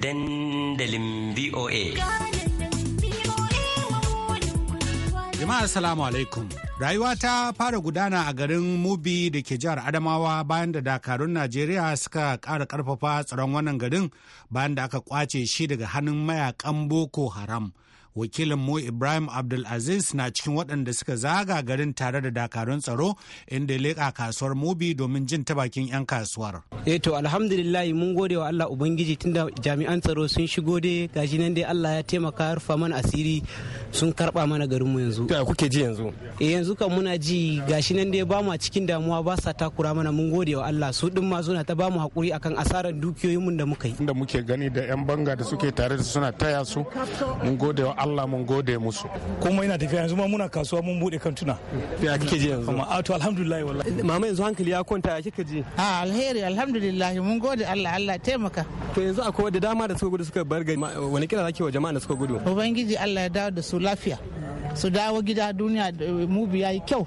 dandalin VOA. Jama'a salamu alaikum. Rayuwa ta fara gudana a garin Mubi da ke jihar Adamawa bayan da dakarun Najeriya suka ƙara ƙarfafa tsaron wannan garin bayan da aka ƙwace shi daga hannun mayakan Boko Haram. wakilin mu ibrahim abdulaziz na cikin waɗanda suka zaga garin tare da dakarun tsaro inda ya leƙa kasuwar mobi domin jin ta bakin 'yan kasuwar eh to alhamdulillah mun gode wa allah ubangiji tunda jami'an tsaro sun shigo dai gashi nan dai allah ya taimaka rufa mana asiri sun karba mana garinmu yanzu ya kuke ji yanzu eh yanzu kan muna ji gashi nan dai ba mu cikin damuwa ba sa takura mana mun gode wa allah su din ma suna ta ba mu hakuri akan asarar dukiyoyinmu da muka yi da muke gani da 'yan banga da suke tare da suna taya su mun gode wa Allah mun gode musu kuma ina tafiya yanzu ma muna kasuwa mun bude kantuna ya kike ji yanzu Amma ah, to alhamdulillah wallahi mama yanzu hankali ya kwanta ya kike ji a ah, alheri alhamdulillah mun gode Allah Allah taimaka to yanzu akwai wadda dama da suka gudu suka bar gari wani kira zaki wa jama'a da suka gudu ubangiji Allah ya dawo da su lafiya su dawo gida duniya eh, mu biya kyau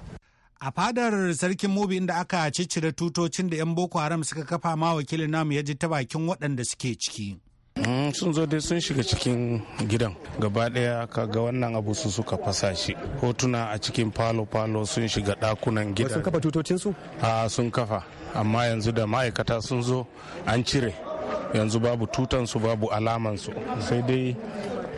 a fadar sarkin mubi inda aka ciccire tutocin da 'yan boko haram suka kafa ma wakilin namu ya ji ta bakin waɗanda suke ciki Mm, sun zo dai sun shiga cikin gidan gaba daya kaga wannan abu su suka fasa shi hotuna a cikin falo-falo sun shiga dakunan gidan sun kafa tutocin su a sun kafa amma yanzu da ma'aikata sun zo an cire yanzu babu tutansu babu alamansu sai dai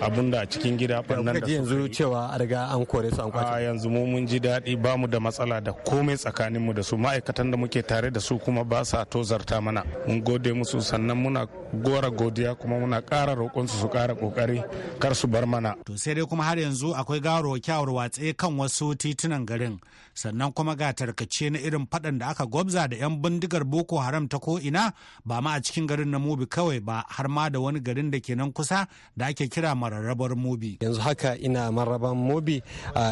abun da a cikin gida nan da yanzu cewa a riga an kore su an kwace a yanzu mu mun ji daɗi ba mu da matsala da komai tsakanin mu da su ma'aikatan da muke tare da su kuma ba sa tozarta mana mun gode musu sannan muna gora godiya kuma muna kara roƙonsu su kara kokari kar su bar mana. To sai dai kuma har yanzu akwai garo kyawar watse kan wasu titunan garin sannan kuma ga tarkace na irin faɗan da aka gwabza da 'yan bindigar Boko Haram ta ko'ina ba ma a cikin garin na Mubi kawai ba har ma da wani garin da ke nan kusa da ake kira mararrabar Mubi. Yanzu haka ina mararraban Mubi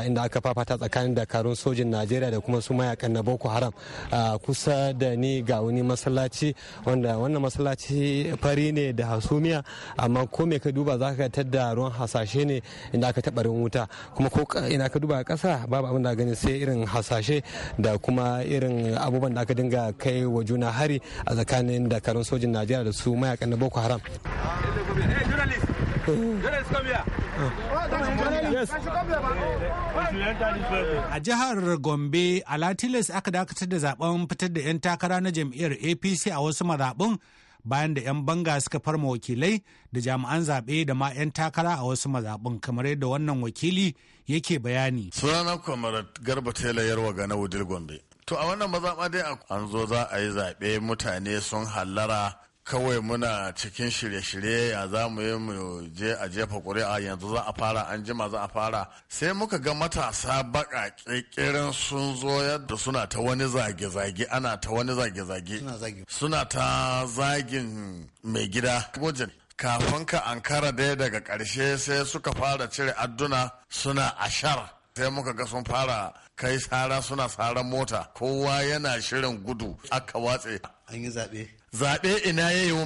inda aka fafata tsakanin dakarun sojin Najeriya da kuma su mayakan na Boko Haram kusa da ni ga wani masallaci wanda wannan masallaci fari ne da hasumiya amma ko me ka duba za ka tadda ruwan hasashe ne inda aka taɓa ruwan wuta kuma ko ina ka duba ƙasa babu abin da gani sai irin hasashe da kuma irin abubuwan da aka dinga kai wa juna hari a tsakanin dakarun sojin najeriya da su mayakan na boko haram A jihar Gombe, a latilis aka dakatar da zaben fitar da 'yan takara na jam'iyyar APC a wasu mazaɓun bayan da 'yan banga suka farma wakilai da jami'an zaɓe da ma 'yan takara a wasu mazaɓin kamar yadda wannan wakili yake bayani. Sunana Kwamar Garba Tela Yarwa ga na Wudil Gombe. To a wannan mazaɓa dai an zo za a yi zaɓe mutane sun hallara kawai muna cikin shirye-shirye ya za mu yi mu je a jefa ƙuri'a yanzu za a fara an jima za a fara sai muka ga matasa baka ƙirƙirin sun zo yadda suna ta wani zage-zage ana ta wani zage-zage suna ta zagin mai gida kafin ka ankara dai daga ƙarshe sai suka fara cire adduna suna ashar sai muka ga sun fara kai sara suna saran mota kowa yana shirin gudu aka watse an yi zaɓe zaɓe ina ya yi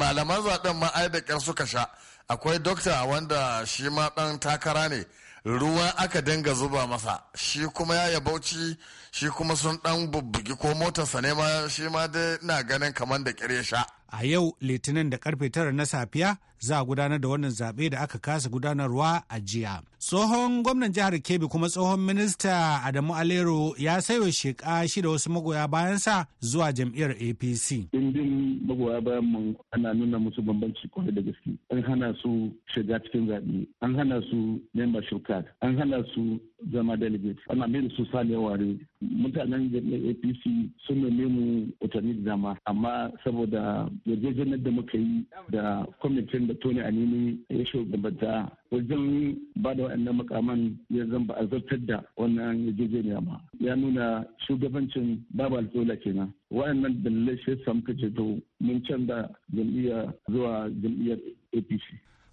malaman zaɓen ma suka sha akwai dokta wanda shi ma ɗan takara ne ruwa aka dinga zuba masa shi kuma ya bauchi shi kuma sun ɗan bubbugi ko motarsa ne ma shi ma dai na ganin kamar da ƙyar sha a yau litinin da karfe tara na safiya za a gudanar da wannan zaɓe da aka kasa gudanarwa a jiya. Tsohon gwamnan jihar Kebbi kuma tsohon minista Adamu Alero ya sayo sheka shi da wasu magoya bayansa zuwa jam'iyyar APC. Dindin magoya bayan mu ana nuna musu bambanci kwarai da gaske. An hana su shiga cikin zaɓe, an hana su membership card, an hana su zama delegate ana mai su sale ware mutanen jami'ar apc sun nome mu watanni da dama amma saboda yarjejenar da muka yi da kwamitin da tony anini ya shugabanta wajen ba da waɗannan makaman ya zan ba a zartar da wannan yarjejeniya ba ya nuna shugabancin babu alfola kenan waɗannan dalilai shi yasa muka ce to mun canza jam'iyya zuwa jam'iyyar apc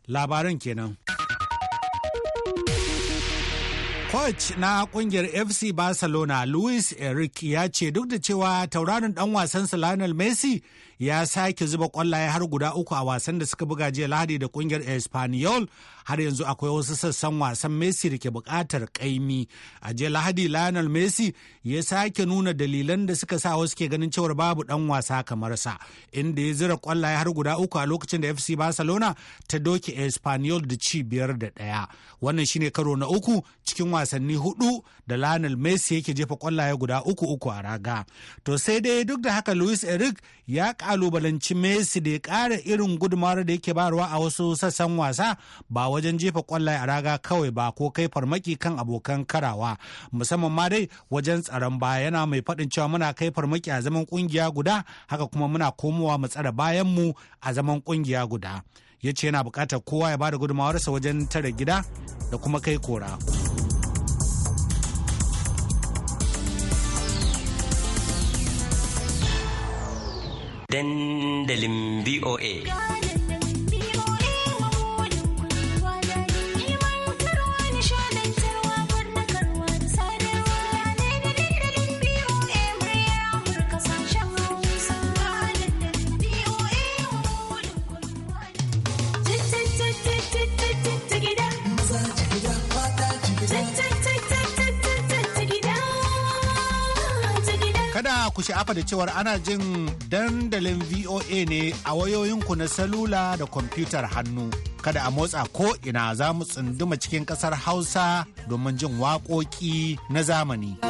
labaran kenan Coach na kungiyar FC Barcelona Luis Eric ya ce duk da cewa tauraron dan wasansa Lionel Messi ya sake zuba kwallaye har guda uku a wasan da suka buga jiya Lahadi da kungiyar Espanyol har yanzu akwai wasu sassan wasan Messi da ke bukatar kaimi. A jiya Lahadi Lionel Messi ya sake nuna dalilan da suka sa wasu ke ganin cewar babu dan wasa kamar sa inda ya zira kwallaye har guda uku a lokacin da FC Barcelona ta doke Espanyol da ci biyar da ɗaya. Wannan shine karo na uku cikin wasanni hudu da Lionel Messi yake jefa kwallaye guda uku uku a raga. To sai dai duk da haka Luis Eric ya kalubalanci Messi da ya kara irin gudumar da yake barwa a wasu sassan wasa ba wajen jefa kwallaye a raga kawai ba ko kai farmaki kan abokan karawa musamman ma dai wajen tsaron ba yana mai faɗin cewa muna kai farmaki a zaman kungiya guda haka kuma muna komowa mu tsare bayanmu a zaman kungiya guda. ya ce yana bukatar kowa ya bada gudumawarsa wajen tare gida da kuma kai kora. dandalin VOA. da cewar ana jin dandalin VOA ne a wayoyinku na salula da kwamfutar hannu. Kada a motsa ko ina za mu tsunduma cikin ƙasar Hausa domin jin waƙoƙi na zamani.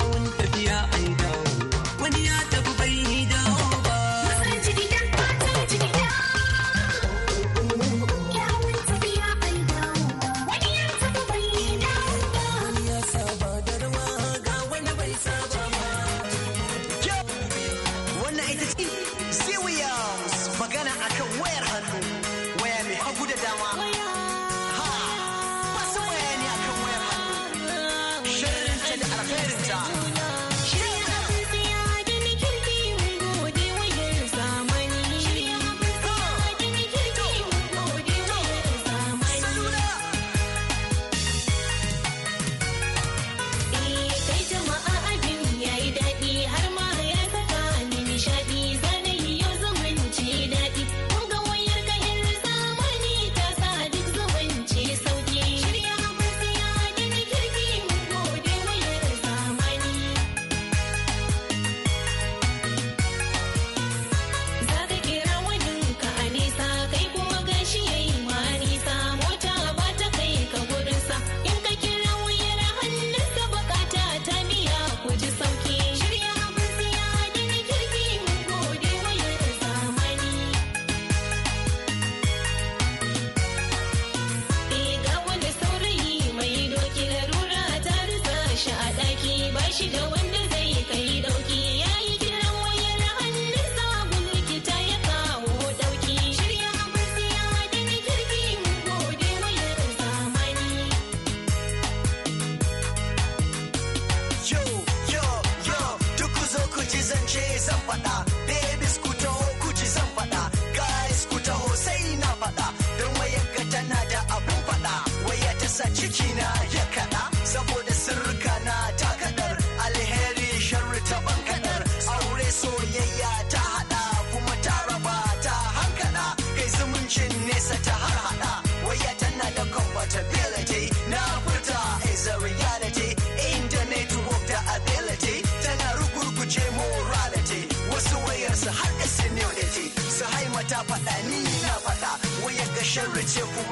sharri ce ku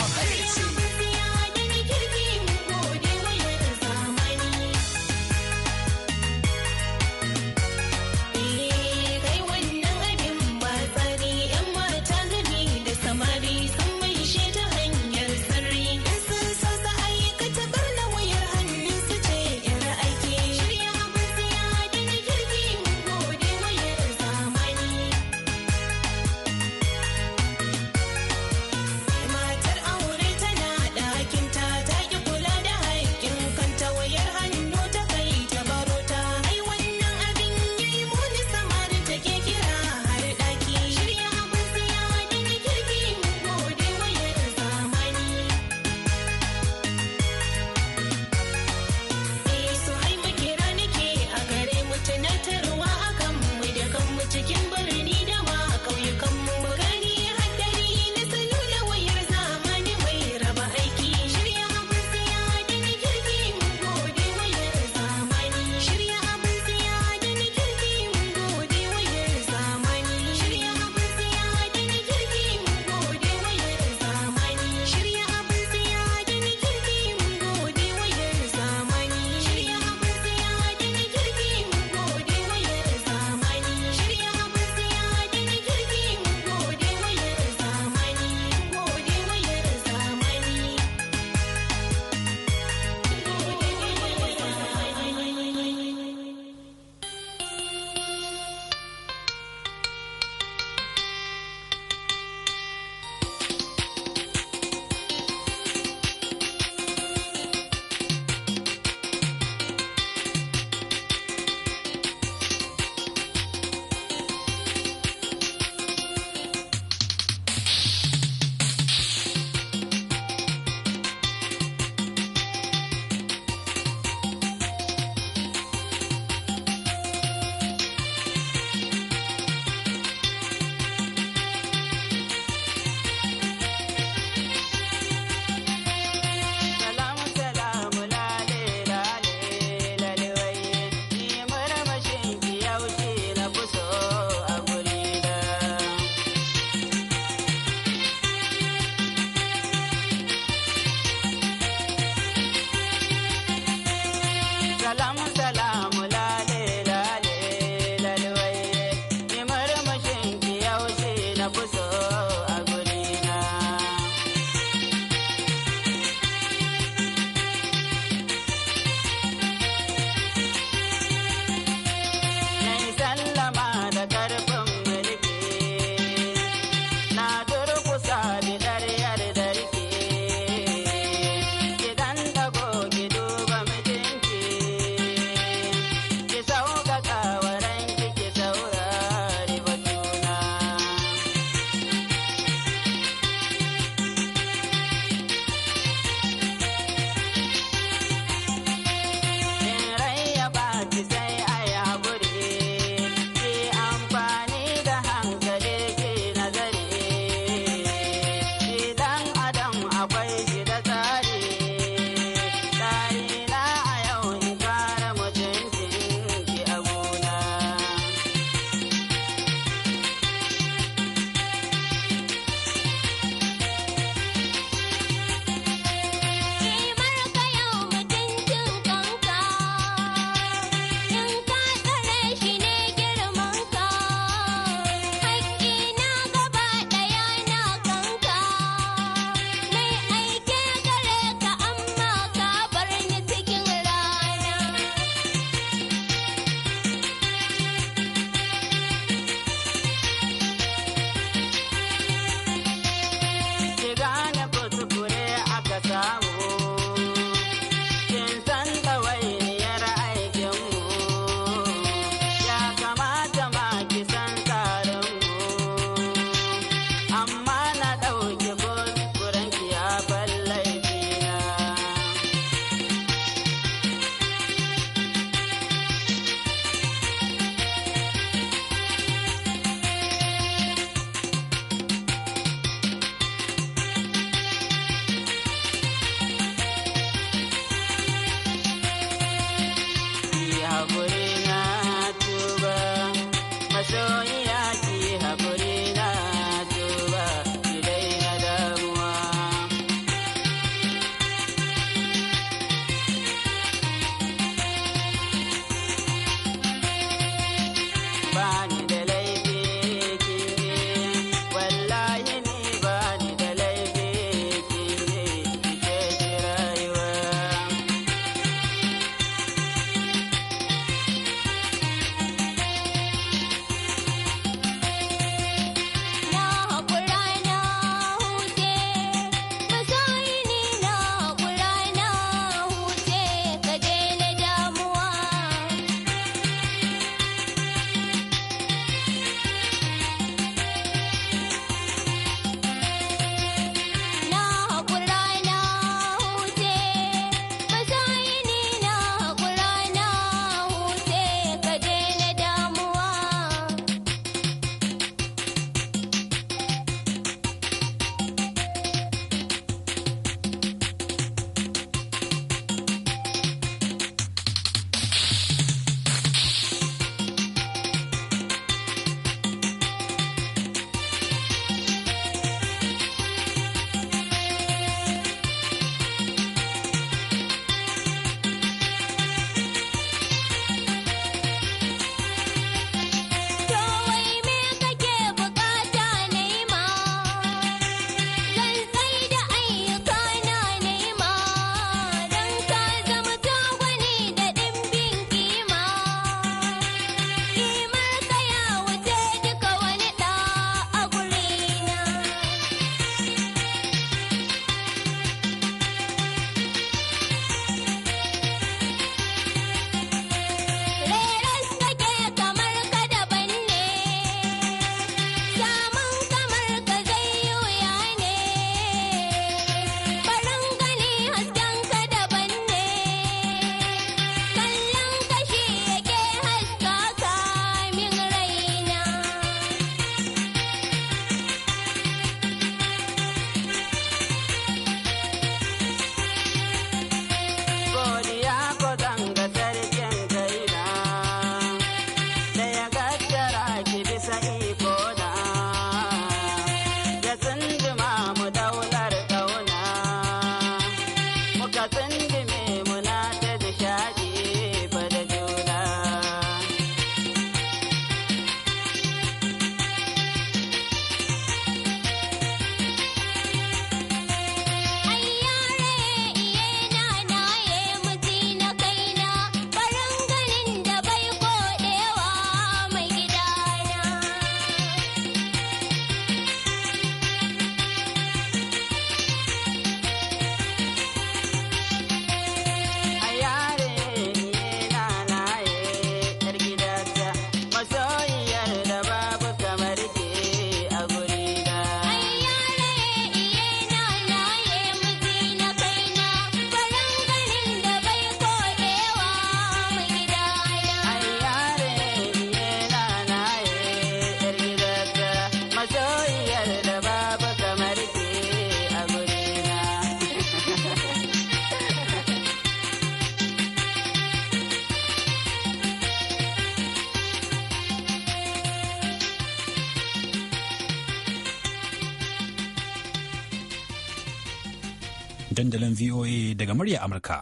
dandalin VOA daga murya Amurka.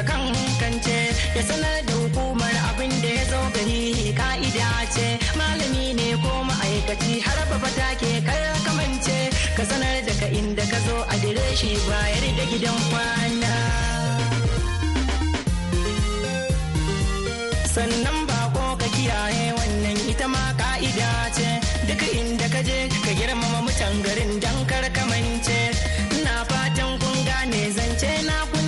bisa kan kance ya sanar da hukumar abin da ya zo gari ka'ida ce malami ne ko ma'aikaci har babba take kar kamance ka sanar da ka inda ka zo a ba bayar da gidan kwana sannan ba ko ka kiyaye wannan ita ma ka'ida ce duk inda ka je ka girmama mutan garin dan kamance ina fatan kun gane zance na ku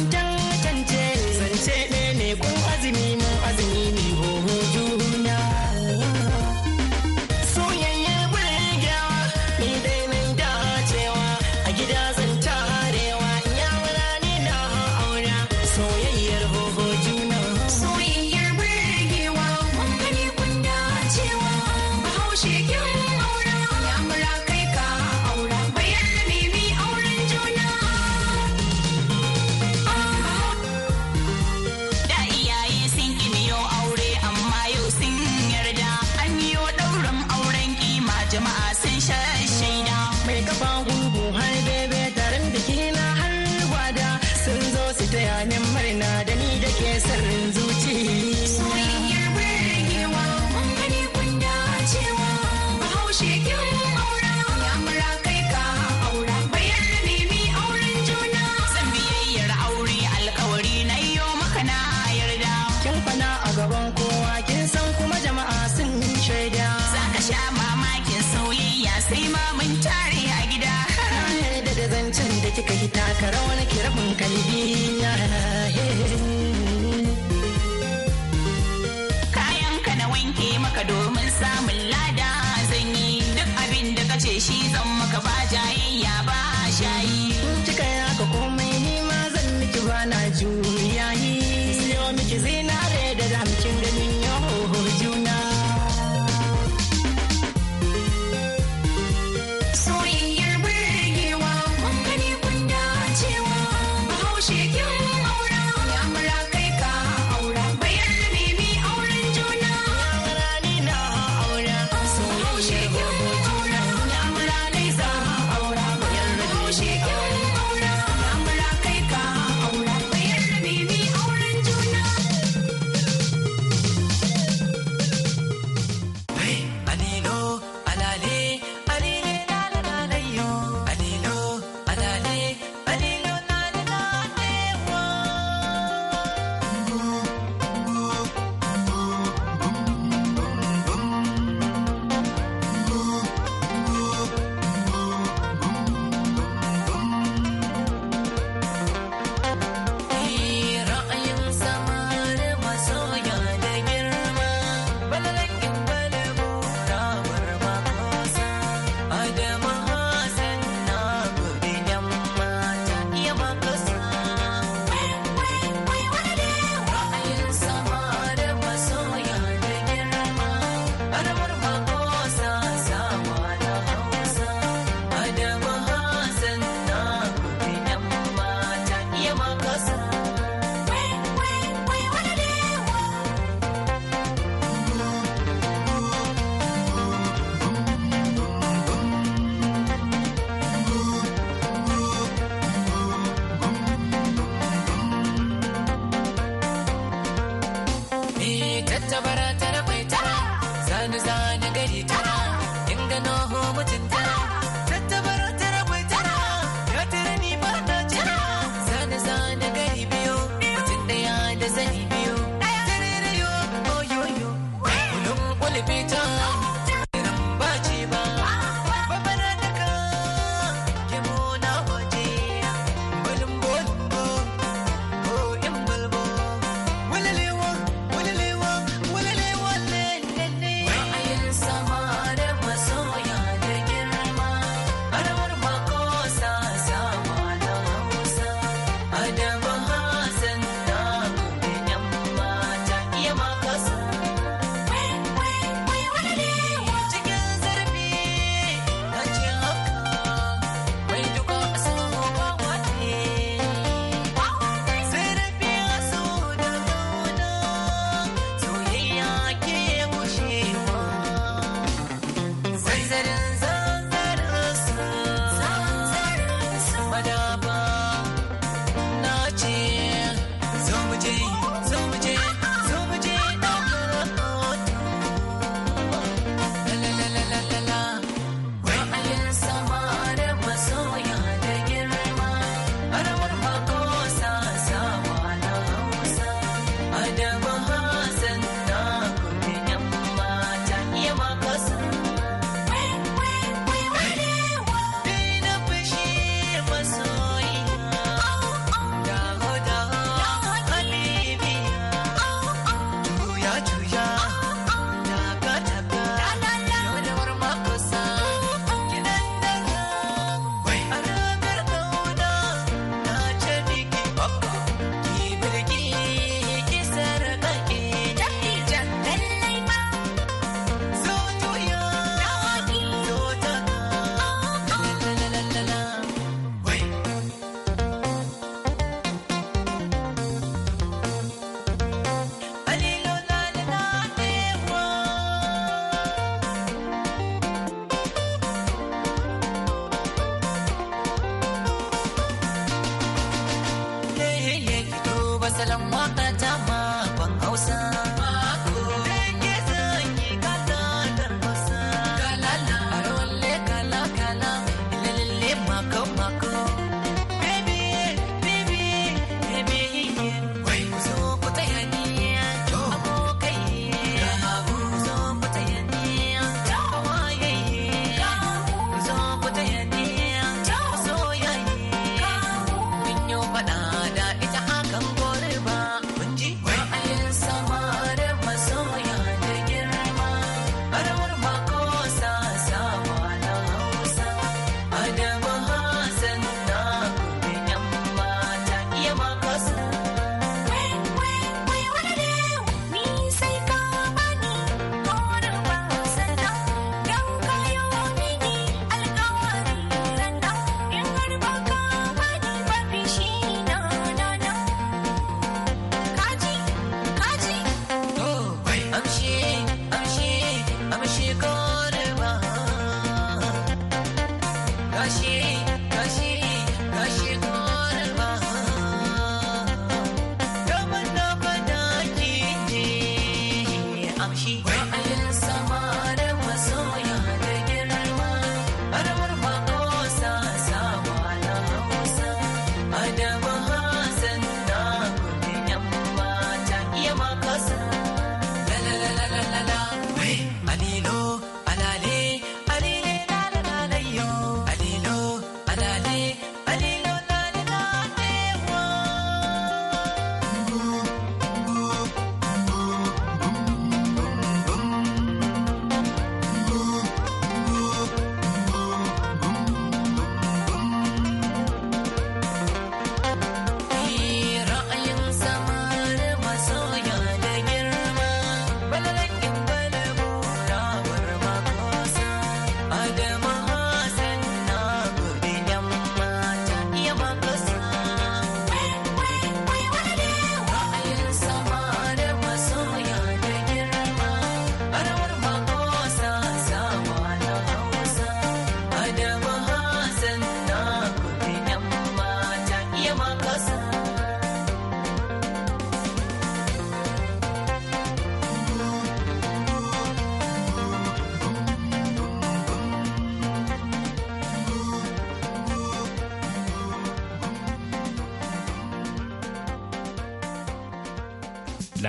domin samun lada zan yi duk abin da kace shi zan maka ba jayayya ba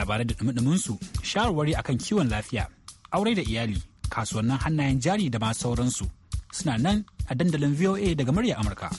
labarai da dumudumin su shawarwari akan kiwon lafiya aure da iyali kasuwannin hannayen jari da ma sauransu suna nan a dandalin voa daga murya amurka